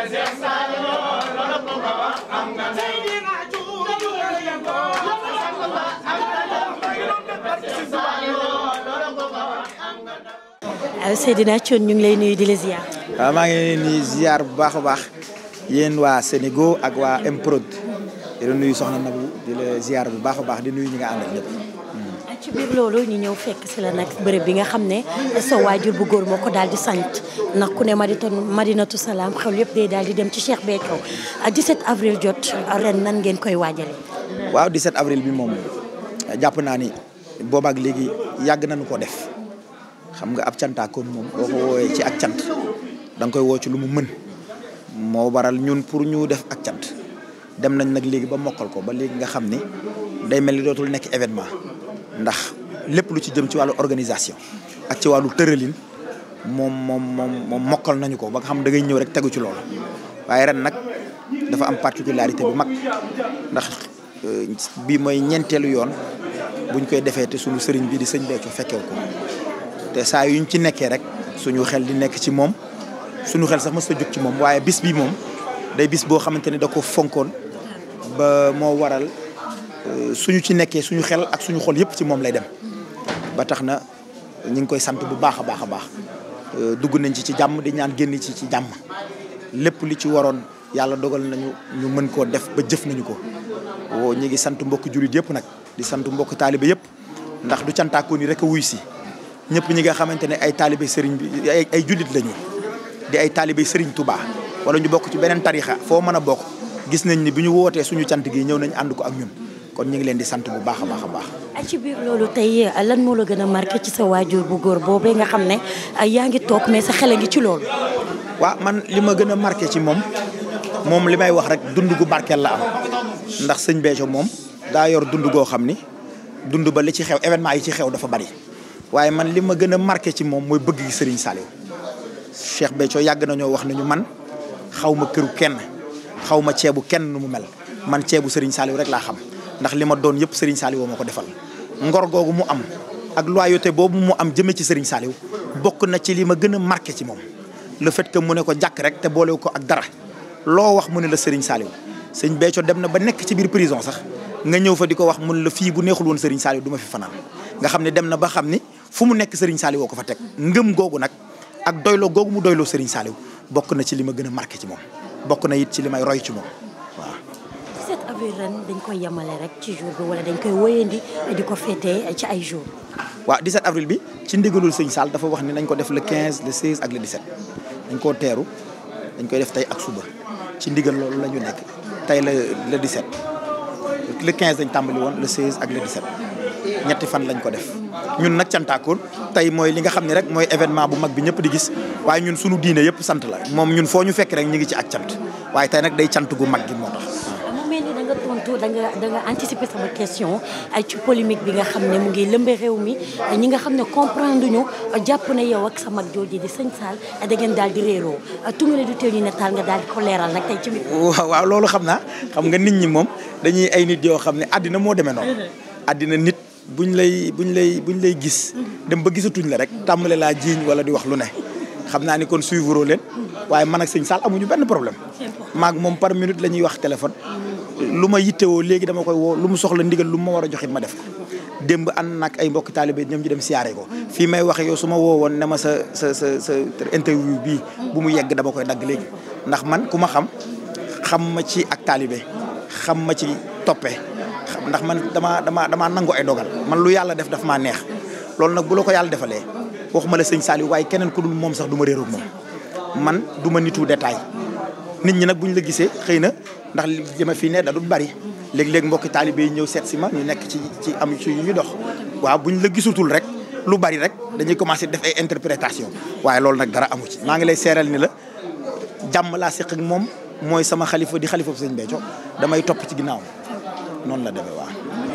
Euh, Seydina Thion ñu ngi lay nuyu di la ziar. waaw ah, maa ngi leen bu baax a baax yéen waa Sénégo ak waa Mprod di la nuyu soxna Nabou di la ziar bu baax a baax di nuyu ñi nga ànd ci biir loolu ñu ñëw fekk si la nag bërëb bi nga xam ne sa waajur bu góor moo ko daal di sant ndax ku ne madinatu madinatu salaam xew yëpp day daal di dem ci Cheikh Béthio 17 avril jot ren nan ngeen koy waajale waaw 17 avril bi moom jàpp naa ni boobaak léegi yàgg nañu ko def xam nga ab cantaakoon moom boo ko woowee ci ak cant da koy woo ci lu mu mën moo waral ñun pour ñu def ak cant dem nañ nag léegi ba mokkal ko ba léegi nga xam ni day mel ni dootul nekk événement ndax lépp lu ci jëm ci wàllu organisation ak ci wàllu tëralin moom moom moom moom mokkal nañu ko ba nga xam da ngay ñëw rek tegu ci loolu waaye ren nag dafa am particularité bu mag ndax euh, bi mooy ñeenteelu yoon buñ koy defee te suñu sëriñ bi di sëñ Béthio fekkee ko te saa yuñ ci nekkee rek suñu xel di nekk ci moom suñu xel sax mësta jóg ci moom waaye bis bii moom day bis boo xamante ni da ko fonkoon ba moo waral Euh, suñu ci nekkee suñu xel ak suñu xol yëpp ci moom lay dem ba tax na ñu ngi koy sant bu baax a baax a baax euh, dugg nañ ci ci jàmm di ñaan génn ci ci jàmm lépp li ci waroon yàlla dogal nañu ñu mën koo def ba jëf nañu ko woo ñu ngi sant mbokk jullit yëpp nag di sant mbokk taalibe yëpp ndax du cantaakoo ni rek a wuy si ñëpp ñi nga xamante ne ay taalibe sëriñ bi ay ay lañu di ay taalibe sëriñ Touba wala ñu bokk ci beneen tarixa foo mën a bokk gis nañ ni bi ñu wootee suñu cant gi ñëw nañ ànd ko ak ñun kon ñu ngi leen di sant bu baax a baax a baax. ak biir loolu tey lan moo la gën a marqué ci sa waajur bu góor boobee nga xam ne yaa ngi toog mais sa xel a ngi ci loolu. waaw man li ma gën a marqué ci moom moom li may wax rek dund gu barkeel la ndax sëñ Béthio moom daa yor dund goo xam ni dund ba li ci xew événement yi ci xew dafa bari waaye man li ma gën a marqué ci moom mooy bëgg gi Serigne Saliou Cheikh Béthio yàgg nañoo wax nañu man xaw ma këru kenn xaw ma ceebu kenn nu mu mel man ceebu Serigne Saliou rek laa xam. ndax li ma doon yëpp Serigne Saliou moo ko defal ngor googu mu am ak loyauté boobu mu am jëme ci Serigne Saliou bokk na ci li ma gën a marqué ci moom le fait que mu ne ko jàkk rek te boolewu ko ak dara loo wax mu ne la Serigne sëñ Béthio dem na ba nekk ci biir prison sax nga ñëw fa di ko wax mun la fii bu neexul woon Serigne Saliou du ma fi fanaan nga ne dem na ba xam ni fu mu nekk Serigne Saliou woo ko fa teg ngëm googu nag ak doyloo googu mu doyloo Serigne Saliou bokk na ci li ma gën a marqué ci moom bokk na it ci li may roy ci moom bi ren dañ koy yemale rek ci jour bi wala dañ koy wéyandi di ko féetee ci ay jour waaw 17 avril bi ci ndigalul sëñ Sall dafa wax ni nañ ko def le 15 le 16 ak le 17 dañ koo teeru dañ koy def tey ak suba ci ndigal loolu la nekk tey la le 17 le dañ tàmbali woon le 16 ak le 17 ñetti fan lañ ko def ñun nag cantaakoon mooy li nga xam ne rek mooy événement bu mag bi ñëpp di gis waaye ñun sunu diine yëpp sant la moom ñun foo ñu fekk rek ñu ngi ci ak cant waaye tey nag day cant gu mag gi moo tax surtout da nga da anticiper sama question ay ci polémique bi nga xam ne mu ngi lëmbe réew mi ñi nga xam ne comprendre ñu jàpp na yow ak sa mag jooju di sëñ Sall da ngeen daal di réeroo tungale du teew ñu netaal nga daal di ko leeral nag tey ci mi waaw waaw xam naa xam nga nit ñi moom dañuy ay nit yoo xam ne àddina moo demee noonu àddina nit buñ lay buñ lay buñ lay gis dem ba gisatuñ la rek tàmbale laa jiiñ wala di wax lu ne xam naa ni kon suivre leen mm. waaye man ak sëñ Sall amuñu benn problème maag moom par minute la wax téléphone lu ma yittewoo léegi dama koy woo lu mu soxla ndigal lu ma war a joxit ma def démb ànd nag ay mbokki taalibe ñoom ñu dem siyaare ko fii may waxe yow su ma woo woon ne ma sa sa sa sa interview bii bu mu yegg dama koy dagg léegi ndax man ku ma xam xam ma ci ak taalibe xam ma ci toppee ndax man damaa damaa damaa nangu ay man lu yàlla def daf maa neex loolu nag bu la ko yàlla defalee waxuma la sëñ Saliou waaye keneen dul moom sax du ma réeroog moom man du ma nit ñi nag buñ la gisee xëy na ndax li jëma fii ne da du bari léeg-léeg mbokki taalibe yi ñëw seet si ma ñu nekk ci ci am ci ñu dox waaw buñ la gisutul rek lu bari rek dañuy commencé def ay interprétation waaye loolu nag dara amu ci maa ngi lay seeral ni la jàmm laa seq ak moom mooy sama xalifa di xalifa sëñ Béthio damay topp ci ginnaaw noonu la demee waa.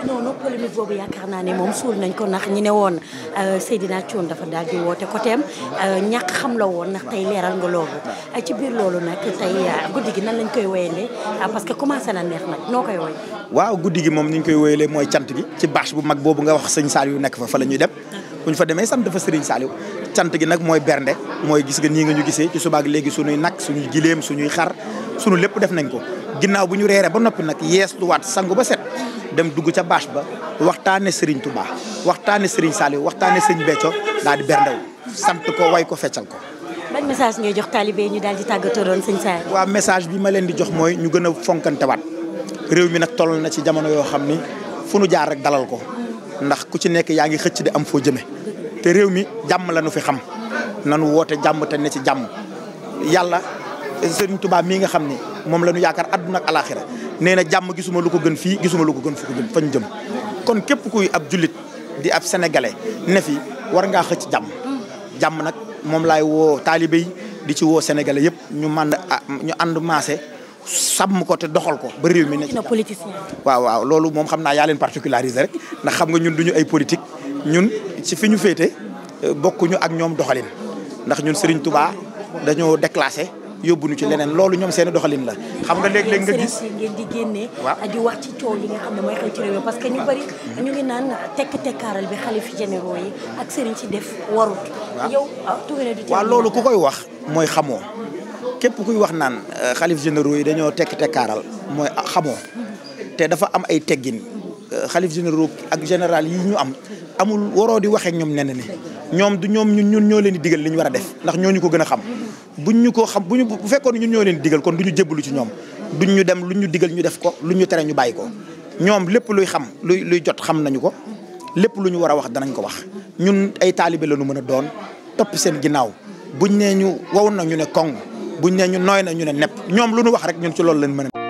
noonu polémique boobu yaakaar naa ne moom suul nañ ko ndax ñi ne woon euh, Seydina Thioune dafa daal di woote côté am euh, ñàkk xam la woon nax tey leeral nga loolu euh, ci biir loolu nag tey guddi gi nan lañ koy woyande parce que commencé na neex nag noo koy woy. waaw guddi gi moom ni ñu koy woyalee mooy cant gi ci bâche bu mag boobu nga wax sëñ saal yu nekk fa fa la ñuy dem. bu ñu fa demee sant fa Serigne Saliou cant gi nag mooy bernde mooy gis nii nga ñu gisee subaak léegi suñuy nag suñuy gileem suñuy xar suñu lépp def nañ ko ginnaaw bu ñu reeree ba noppi nag yees luwaat sangu ba set dem dugg ca bâche ba waxtaane Serigne Touba waxtaane Serigne Saliou waxtaane Serigne Béthio daal di berndewu sant ko way ko feccal ko ban ngay jox taalibe ñu daal di tàggatoo doon sëñ Saliou waa message bi ma leen di jox mooy ñu gën a waat réew mi nag toll na ci jamono yoo xam ni fu nu jaar rek dalal ko ndax ku ci nekk yaa ngi xëcc di am foo jëme te réew mi jàmm la nu fi xam nanu woote jàmm te ne ci jàmm yàlla Serigne tubaab mii nga xam ni moom la ñu yaakaar àdduna ak alaaxira nee na jàmm gisuma lu ko gën fii gisuma lu ko gën fu ko jëm kon képp kuy ab jullit di ab sénégalais ne fi war ngaa xëcc jàmm jàmm nag moom lay woo taalibe yi di ci woo sénégalais yëpp ñu mànd ah, ñu ànd maase sàmm ko te doxal ko ba réew mi ne waaw waaw loolu moom xam naa yaa leen particularisé rek ndax xam nga ñun ñu ay politique ñun ci fi ñu féete euh, bokkuñu ak ñoom doxalin ndax ñun Serigne Touba dañoo déclassé yóbbu ñu ci leneen loolu ñoom seeni doxalin la xam nga léeg-léeg nga gis ngeen di génne di wax ci que ñu def warut yow ah, loolu ku koy wax mooy xamoo képp kuy wax naan euh, xalif généraux yi dañoo tekk tekkaaral mooy xamoo te dafa am ay teggin euh, xalif généraux ak général yi ñu am amul waroo di waxee ñoom nen ne ñoom du ñoom ñun ñun ñoo leen di digal li ñu war a def ndax ñoo ñu ko gën a xam buñ ñu ko xam bu ñu bu fekkoon ñun ñoo leen di digal kon du ñu jébbalu ci ñoom duñ ñu dem lu ñu digal ñu def ko lu ñu tere ñu bàyyi ko ñoom lépp luy xam luy luy jot xam nañu ko lépp lu ñu war a wax danañ ko wax ñun ay taalibe la ñu mën a doon topp seen ginnaaw ñu ne kong buñ ne ñu nooy na ñu ne nepp ñoom lu ñu wax rek ñun ci loolu lañ mën